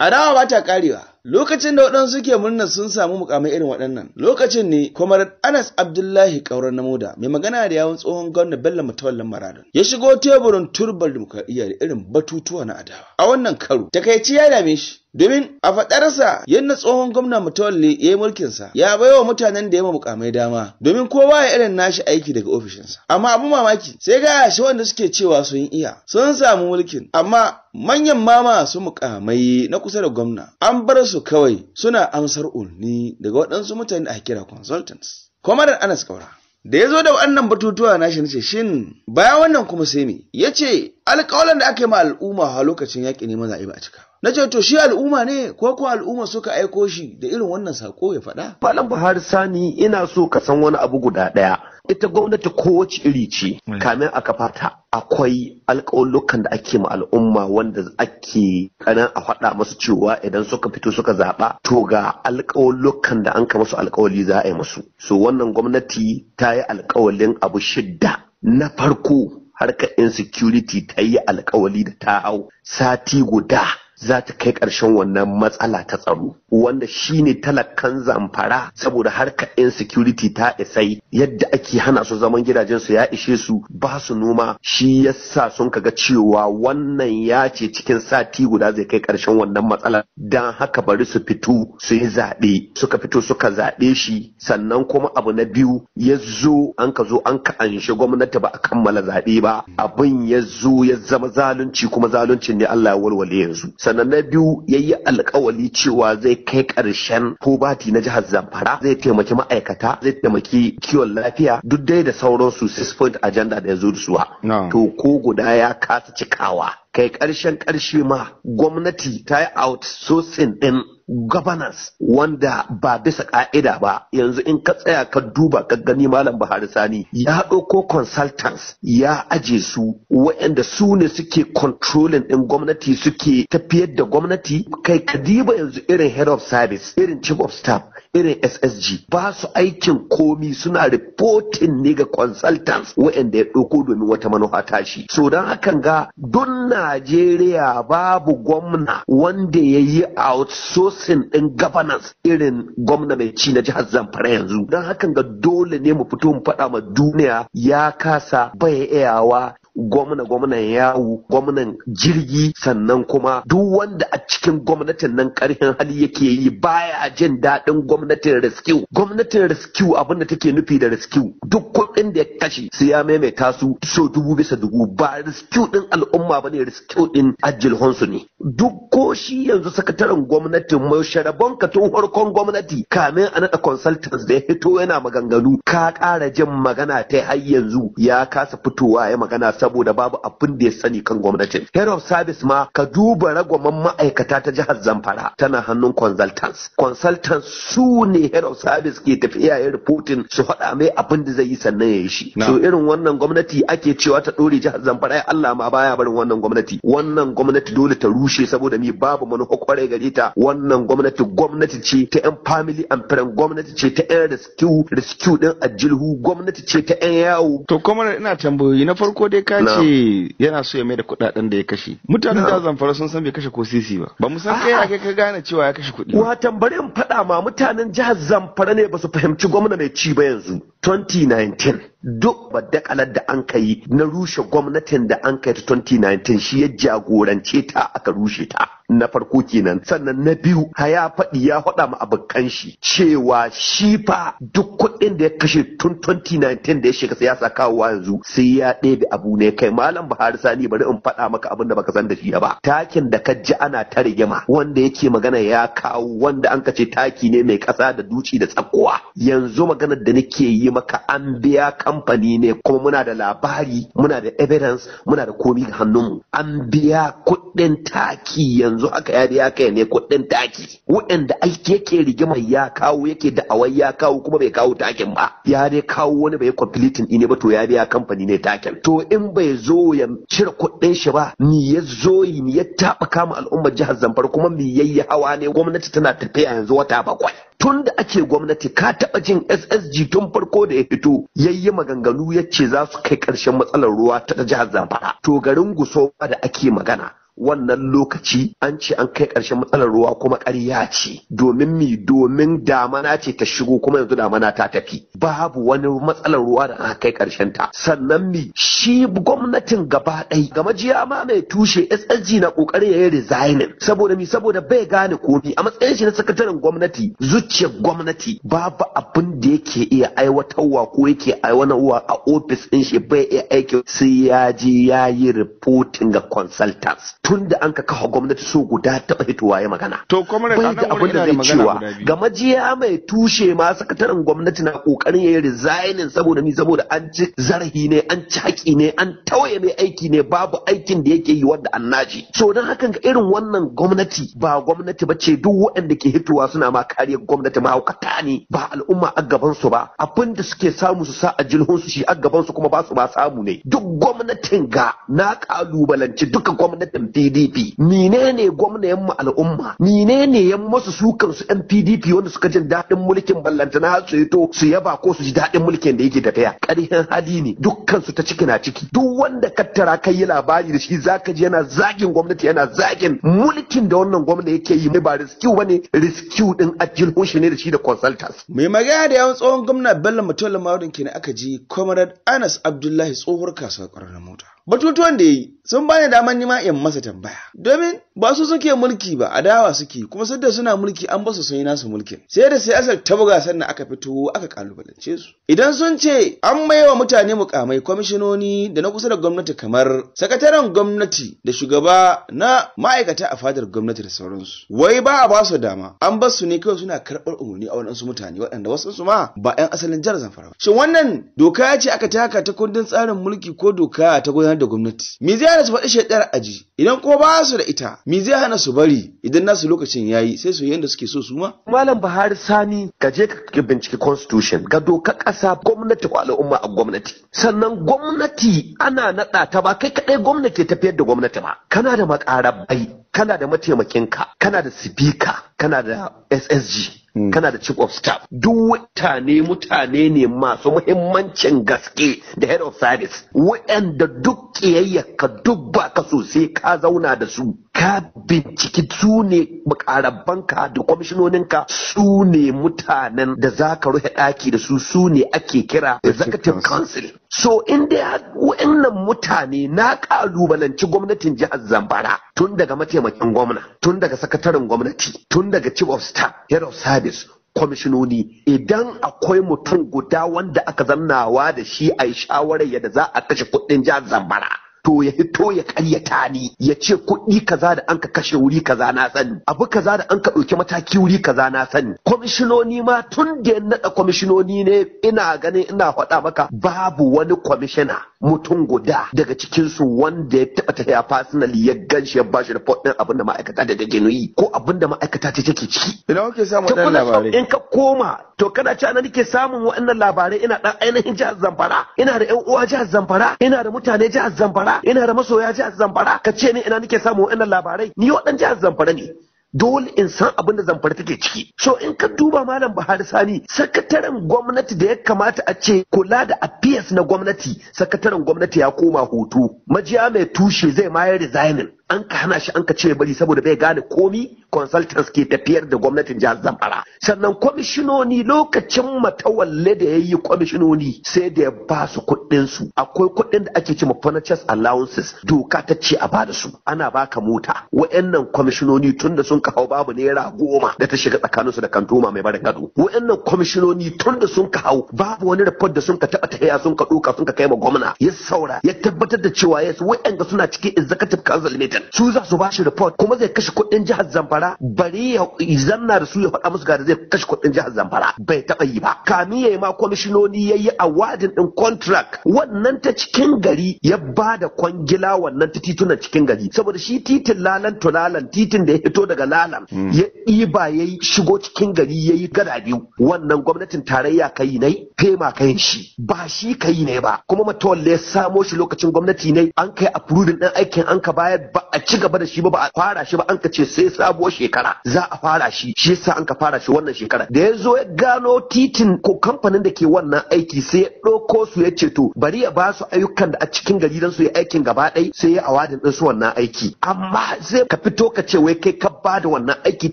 Adawa ba ta karewa. Lokacin da waɗansu ke murnar sun samu mukamai irin waɗannan, lokacin ne kwamar Anas Abdullahi na Namoda mai magana da yawon tsohon gwamna Bello Mutawallan Maradon ya shigo teburin turbar dimokuraɗiyya da irin batutuwa na adawa. A wannan karo, takaici ya dame shi, domin a faɗarsa yadda tsohon gwamna mutawalli ya yi mulkinsa ya baiwa mutanen da ya mukamai dama domin kowa ya irin nashi aiki daga ofishinsa amma abu mamaki sai ga shi wanda suke cewa sun iya sun samu mulkin amma manyan mama su mukamai na kusa da gwamna an bar su kawai suna amsar ulni daga waɗansu mutane a kira consultants Kwamarar Anas Kaura da ya zo da wannan batutuwa na shi nace shin bayan wannan kuma sai me yace alƙawalan da aka yi ma al'umma a lokacin yaƙi neman zaɓe ba a cika na ce to shi al'umma ne ko ko al'umma suka aiko shi da irin wannan sako ya faɗa malam Buhari Sani ina so ka san wani abu guda ɗaya ita gwamnati kowace iri ce mm. kamin a kafata akwai alƙawullukan da ake ma al'umma wanda ake kanan a faɗa masu cewa idan suka fito suka zaɓa to ga alƙawullukan da an ka masu alƙawali za a yi masu so wannan gwamnati ta yi alƙawalin abu shidda na farko harkar insecurity ta yi alƙawali da ta hau sati guda za ta kai ƙarshen wannan matsala ta tsaro wanda shine talakan zamfara saboda harkar insecurity ta isai yadda ake hana su zaman gidajen su ya ishe su ba su noma shi yasa sun kaga cewa wannan ya ce cikin sati guda zai kai ƙarshen wannan matsala dan haka bari su fito su yi zaɓe suka fito suka zaɓe shi sannan kuma abu na biyu ya zo an ka zo an ka anshi gwamnati ba a kammala zaɓe ba abin ya zo ya zama zalunci kuma zalunci ne Allah ya walwale yanzu sannan na biyu ya yi alkawali cewa zai kai ƙarshen bati na jihar zamfara zai taimaki ma'aikata zai taimaki kiwon lafiya duk dai da sauransu six point agenda da ya zo da suwa to ko guda ya kasa cikawa kai karshen ƙarshe ma gwamnati ta yi outsourcing ɗin governance wanda ba bisa ƙa'ida ba yanzu in ka tsaya ka duba ka gani malam Buhari Sani ya ɗauko consultants ya aje su waɗanda su ne suke controlling ɗin gwamnati suke tafiyar da gwamnati kai kadiba yanzu irin head of service irin chief of staff irin ssg ba su aikin komi suna ripotin ne ga consultants waɗanda ya ɗauko domin wata manufa tashi so don hakan ga don najeriya babu gwamna wanda ya yi outsourcing ɗin governance irin gwamna mai ci na jihar zamfara yanzu don hakan ga dole ne mu fito mu faɗa ma duniya ya kasa bai iyawa gwamna gwamnan yawo gwamnan jirgi sannan kuma duk wanda a cikin gwamnatin nan karhin hali yake yi baya jin daɗin gwamnatin rescue gwamnatin rescue abin da take nufi da rescue duk kuɗin da ya kashe sai ya maimaita su so dubu bisa dubu ba rescue din al'umma bane rescue din ajil honsu ne duk ko shi yanzu sakataren gwamnatin mai sharabon ka tun farkon gwamnati kamin a naɗa consultants da ya fito yana maganganu ka ƙara jin magana ta har yanzu ya kasa fitowa ya magana saboda babu abin da ya sani kan gwamnatin head of service ma ka duba ragwaman ma'aikata ta jihar zamfara tana hannun consultants consultants su ne head of service ke tafiya ya reporting su haɗa mai abin da zai yi sannan ya yi shi so irin wannan gwamnati ake cewa ta ɗore jihar zamfara ya Allah ma baya barin wannan gwamnati wannan gwamnati dole ta rushe saboda mi babu manufa kwarai gare ta wannan gwamnati gwamnati ce ta yan family and friend gwamnati ce ta yan rescue rescue din ajilhu gwamnati ce ta yan yawo to kuma ina tambayoyi na farko dai ka ce yana so ya mai da kuɗaɗen da ya kashe mutanen da zamfara sun san bai kashe ko sisi ba ba mu san kai ake ka gane cewa ya kashe kuɗi Wa tambare in faɗa ma mutanen jihar zamfara ne ba su fahimci gwamna mai ci ba yanzu 2019 duk badakalar da an kai na rushe gwamnatin da an kai ta 2019 shi ya jagorance ta aka rushe ta na farko kenan sannan na biyu haya faɗi ya faɗa ma abokan shi cewa shi fa duk kuɗin da ya kashe tun 2019 da ya shiga siyasa kawowa yanzu sai ya ɗebe abu ne kai malam Buhari Sani bari in faɗa maka abin da baka san da shi ba takin da ka ji ana ta rigima wanda yake magana ya kawo wanda an kace taki ne mai ƙasa da duci da tsakuwa yanzu maganar da nake yi maka an biya kamfani ne kuma muna da labari muna da evidence muna da komi ga hannunmu an biya kuɗin taki yanzu yanzu haka yari ya kai ne kuɗin taki waɗanda aiki yake rigima ya kawo yake da awai ya kawo kuma bai kawo takin ba ya dai kawo wani bai completing ne ba to ya biya kamfani ne takin to in bai zo ya cire kuɗin shi ba ni ya zo ni ya taɓa kama al'ummar jihar Zamfara kuma me yayi hawa ne gwamnati tana tafiya yanzu wata bakwai tun da ake gwamnati ka taɓa jin ssg tun farko da ya fito yayi maganganu ya ce za su kai ƙarshen matsalar ruwa ta jihar zamfara to garin gusowa da ake magana wannan lokaci an ce an kai ƙarshen matsalar ruwa kuma ƙarya ce domin mi domin damana ce ta shigo kuma yanzu damana ta tafi babu wani matsalar ruwa da aka kai ƙarshen ta sannan mi shi gwamnatin gaba ɗai ga majiya ma mai tushe SSG na kokarin ya yi resigning saboda mi saboda bai gane komi a matsayin shi na sakataren gwamnati zuciyar gwamnati babu abin da yake iya aiwatarwa ko yake aiwatarwa a ofis ɗin shi bai iya aiki sai ya je ya yi reporting ga consultants tun da an ka kafa gwamnati so guda taɓa hitowa ya magana. To kuma da abin da zai cewa ga majiya mai tushe ma sakataren gwamnati na kokarin ya yi resigning saboda mi saboda an ci zarahi ne an ci haƙi ne an tawaye mai aiki ne babu aikin da yake yi wanda an naji so don hakan ga irin wannan gwamnati ba gwamnati ba ce duk waɗanda ke hitowa suna ma kariyar gwamnati mahaukata ne ba al'umma a gaban su ba abin da suke samu su sa a jilhun su shi a gaban su kuma ba su ba samu ne duk gwamnatin ga na kalubalanci duka gwamnatin PDP menene gwamnayen mu al'umma menene yan masu sukan su yan PDP wanda suka jin daɗin mulkin ballantana har su to su yaba ko su ji daɗin mulkin da yake tafiya ƙarhin hali ne dukkan su ta ciki na ciki duk wanda ka tara kai yi labari da shi zaka ji yana zagin gwamnati yana zagin mulkin da wannan gwamnati yake yi ba riskiu bane risku din ajil shi ne da shi da consultants mai magana da yawan tsohon gwamna Bello Mutula Maudin kenan aka ji Comrade Anas Abdullahi tsohuwar kasuwar ƙwararren mota batutuwan da ya yi sun bani damar nima in masa tambaya domin ba su suke mulki ba adawa suke kuma sadda suna mulki an basu sun yi nasu mulkin sai da sai asal ta buga sannan aka fito aka kalubalance su idan sun ce an wa mutane mukamai kwamishinoni da na kusa da gwamnati kamar sakataren gwamnati da shugaba na ma'aikata a fadar gwamnati da sauransu wai ba a basu dama an basu ne kawai suna karɓar umarni a waɗansu mutane waɗanda wasu ma ba 'yan asalin jihar zamfara shin wannan doka ce aka taka ta kundin tsarin mulki ko doka ta gudanar gudanar da gwamnati me zai hana su faɗi shaidar aji idan kuma ba su da ita me zai hana su bari idan nasu lokacin yayi sai su yanda suke so su ma malam Buhari Sani ka je ka bincike constitution ka doka ƙasa gwamnati ko al'umma a gwamnati sannan gwamnati ana naɗa ta ba kai kaɗai gwamnati tafiyar da gwamnati ba kana da makarabai kana da mataimakin ka? kana da sibika kana da SSG Hmm. kana da chief of staff duk mutane mutane ne masu muhimmancin gaske da head of service waɗanda duk ƙiyayyarka duk ba ka so sai ka zauna da su ka binciki su ne mukarabbanka da kwamishinoninka su ne mutanen da za ka rufe ɗaki da su su ne ake kira executive council so in dai wa'annan mutane na kalubalanci gwamnatin jihar Zambara tun daga mataimakin gwamna tun daga sakataren gwamnati tun daga chief of staff head of service kwamishinoni idan akwai mutum guda wanda aka zannawa da shi a yi shawarar yadda za a kashe kuɗin jihar Zambara. to ya hito ya karyata ni ya ce kuɗi kaza da an ka kashe wuri kaza na sani abu kaza da an ka ɗauki mataki wuri kaza na sani kwamishinoni ma tun da ya naɗa kwamishinoni ne ina ganin ina faɗa maka babu wani kwamishina mutum guda daga cikinsu wanda ya taɓa tafiya fasinali ya ganshi ya bashi report ɗin abin da ma'aikata da take nuyi ko abin da ma'aikata ta take ci. Ina kuke samun waɗannan labarai? In ka koma to kana ci ana nake samun waɗannan labarai ina ɗan ainihin jihar Zamfara ina da ƴan uwa jihar Zamfara ina da mutane jihar Zamfara ina da masoya jihar zamfara ka ce ni ina nake samu wa'annan labarai ni waɗan jihar zamfara ne dole in san abin da zamfara take ciki so in ka duba malam buhari sani sakataren gwamnati da ya kamata a ce kula da affairs na gwamnati sakataren gwamnati ya koma hoto majiya mai tushe zai mayar da an ka hana shi an ka ce bari saboda bai gane komi consultants ke tafiyar da gwamnatin jihar zamfara sannan kwamishinoni lokacin matawalle da ya yi kwamishinoni sai da ya ba su kuɗin su akwai kuɗin da ake ma furnitures allowances doka ta ce a bada su ana baka mota wa'annan kwamishinoni tun da sun kawo babu naira goma da ta shiga su da kantoma mai bada gado wa'annan kwamishinoni tun da sun kawo babu wani report da sun ka taɓa ta sun ka doka sun ka kai ma gwamna ya saura ya tabbatar da cewa yes wa'anda suna cikin executive council meeting su za su ba shi report kuma zai kashe kuɗin jihar zamfara zamfara bari ya zanna da su ya faɗa musu ga zai kashe kuɗin jihar zamfara bai taɓa yi ba kami ya yi ma kwamishinoni ya yi a awadin ɗin kontrak wannan ta cikin gari ya ba da kwangila wannan ta titunan cikin gari saboda shi titin lalan tulalan titin da ya fito daga lalan hmm. ya ɗiba ya yi shigo cikin gari ya yi gada biyu wannan gwamnatin tarayya kai ne ka kai shi ba shi ka kai ne ba kuma matawalle ya samo shi lokacin gwamnati ne an kai furudin ɗin aikin an ka bayar ba a ci gaba da shi ba ba a fara shi ba an ka ce sai sabuwar shekara za a fara shi shi yasa an ka fara shi wannan shekara da ya zo ya gano titin ko kamfanin da ke wannan aiki sai ya ɗauko su ya ce to bari ya ba su ayyukan da a cikin gari dan su yi aikin gaba ɗaya sai ya awadin ɗin su wannan aiki amma sai ka fito ka ce wai kai ka ba da wannan aiki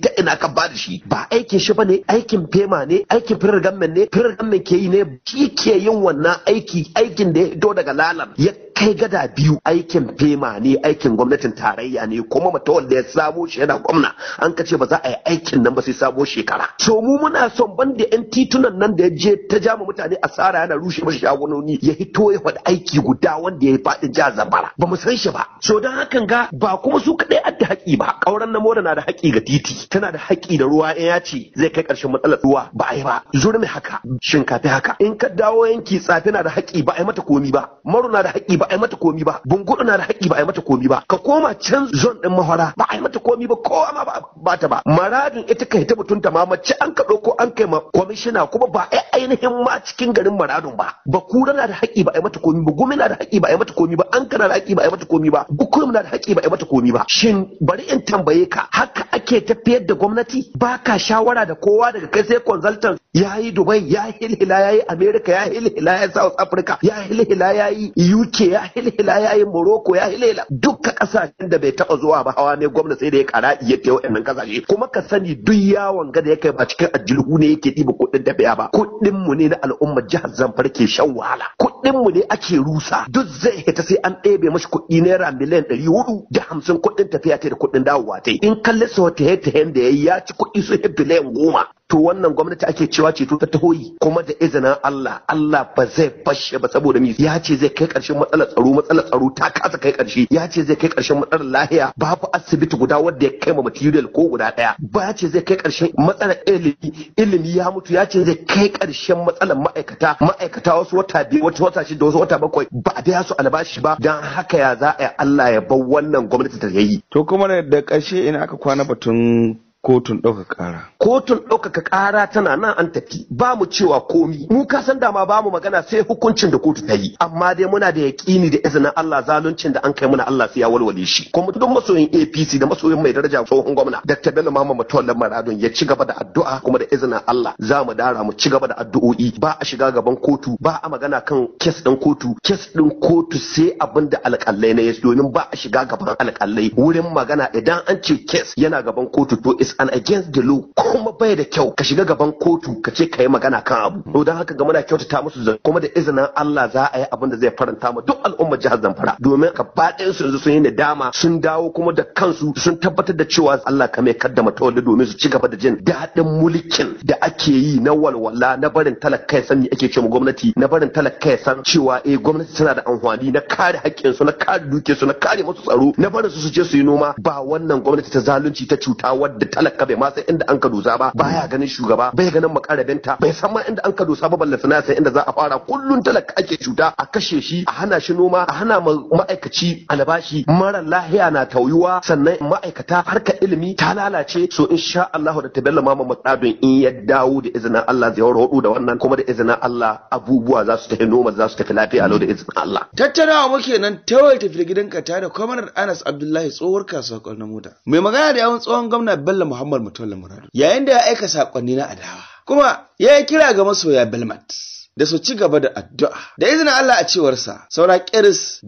ta ina ka ba da shi ba aikin shi ba ne aikin fema ne aikin firar gamman ne firar gamman ke yi ne shi ke yin wannan aiki aikin da ya fito daga lalam ya kai gada biyu aikin fema ne aikin gwamnatin tarayya ne kuma da ya samo shi yana gwamna an ka ce ba za a yi aikin nan ba sai sabo shekara so mu muna son banda yan titunan nan da ya je ta jama mutane asara yana rushe masa shagunoni ya hito ya faɗi aiki guda wanda ya yi faɗi ja zabara ba mu san shi ba so dan hakan ga ba kuma su kaɗai adda haƙi ba ƙauren na moda na da haƙi ga titi tana da haƙi da ruwa in ya ce zai kai ƙarshen matsalar ruwa ba a yi ba zurmi haka shinkafi haka in ka dawo yanki tsafi na da haƙi ba a yi mata komi ba maro na da haƙi ba a yi mata komi ba bungudu na da haƙƙi ba a yi mata komi ba ka koma can zon din mahara ba a yi mata komi ba kowa ma ba ta ba maradin ita kai ta mutunta ma mace an ka ɗauko an kai ma kwamishina kuma ba a ainihin ma cikin garin maradin ba ba kura na da haƙƙi ba a yi mata komi ba gumi na da haƙƙi ba a yi mata komi ba an kana da haƙƙi ba a yi mata komi ba bukurum na da haƙƙi ba a yi mata komi ba shin bari in tambaye ka haka ake tafiyar da gwamnati ba ka shawara da kowa daga kai sai consultant ya yi dubai ya hilhila ya yi america ya hilhila ya yi south africa ya hilhila ya yi uk ya hilhila ya yi morocco ya hilhila duka kasashen da bai taba zuwa ba hawa ne gwamnati sai da ya kara iya ta wa'annan kasashe kuma ka sani duk yawon gada ya kai ba cikin ajilhu ne yake ɗiba kuɗin tafiya ba kuɗin mu ne na al'ummar jihar zamfara ke shan wahala kuɗin mu ne ake rusa duk zai hita sai an ɗebe mashi kuɗi naira miliyan ɗari hudu da hamsin kuɗin tafiya ta da kuɗin dawowa ta in kalli wata tihe-tihen da ya yi ya ci kuɗi su biliyan goma to wannan gwamnati ake cewa ceto ta tahoyi kuma da izinin Allah Allah ba zai bashe ba saboda mi ya ce zai kai karshen matsalar tsaro matsalar tsaro ta kasa kai karshe ya ce zai kai karshen matsalar lahiya babu asibiti guda wanda ya kai ma material ko guda daya ba ya ce zai kai karshen matsalar ilimi ilimi ya mutu ya ce zai kai karshen matsalar ma'aikata ma'aikata wasu wata biyu wata wata shida wasu wata bakwai ba da su albashi ba dan haka ya za a Allah ya bar wannan gwamnati ta yayi to kuma da ƙarshe ina aka kwana batun kotun ɗaukaka ƙara. Kotun ɗaukaka ƙara tana nan an tafi ba mu cewa komi. Mu ka san dama ba mu magana sai hukuncin da kotu ta yi. Amma dai muna da yaƙini da izinin Allah zaluncin da an kai mana Allah sai ya walwale shi. Kuma duk masoyin APC da masoyin mai daraja tsohon gwamna Dr. Bello Mama Matola Maradon ya ci gaba da addu'a kuma da izinin Allah za mu dara mu ci gaba da addu'o'i ba a shiga gaban kotu ba a magana kan kes ɗin kotu kes ɗin kotu sai abin da alƙalai na yasu domin ba a shiga gaban alƙalai wurin magana idan an ce kes yana gaban kotu to is an against the law kuma bai da kyau ka shiga gaban kotu ka ce ka yi magana kan abu to dan haka ga muna kyautata musu zan kuma da izinin Allah za a yi abin da zai faranta ma duk al'ummar jihar Zamfara domin ka ɗayan su yanzu sun yi nadama sun dawo kuma da kansu sun tabbatar da cewa Allah ka mai kaddama tawalli domin su ci gaba da jin daɗin mulkin da ake yi na walwala na barin talaka ya sani ake cewa gwamnati na barin talaka san cewa eh gwamnati tana da amfani na kare haƙƙin su na kare duke su na kare musu tsaro na barin su su je su yi noma ba wannan gwamnati ta zalunci ta cuta wadda ta talaka bai ma san inda an ka dosa ba baya ganin shugaba bai ganin makarabinta bai san ma inda an ka dosa ba balle sana san inda za a fara kullun talaka ake cuta a kashe shi a hana shi noma a hana ma'aikaci albashi mara lahiya na tauyuwa sannan ma'aikata harkar ilimi ta lalace so insha Allah da tabella mama mutabin in ya dawo da izinin Allah zai hudu da wannan kuma da izinin Allah abubuwa za su tafi noma za su tafi lafiya lau da izinin Allah tattaunawa muke nan tawaita tafi ka tare da kwamanar Anas Abdullahi tsohuwar kasuwar na mota mai magana da yawan tsohon gwamna Bello Muhammad Mutawalla Muradu yayin da ya aika saƙonni na adawa kuma ya yi kira ga masoya Belmat da su ci gaba da addu'a da izinin Allah a cewarsa saura kiris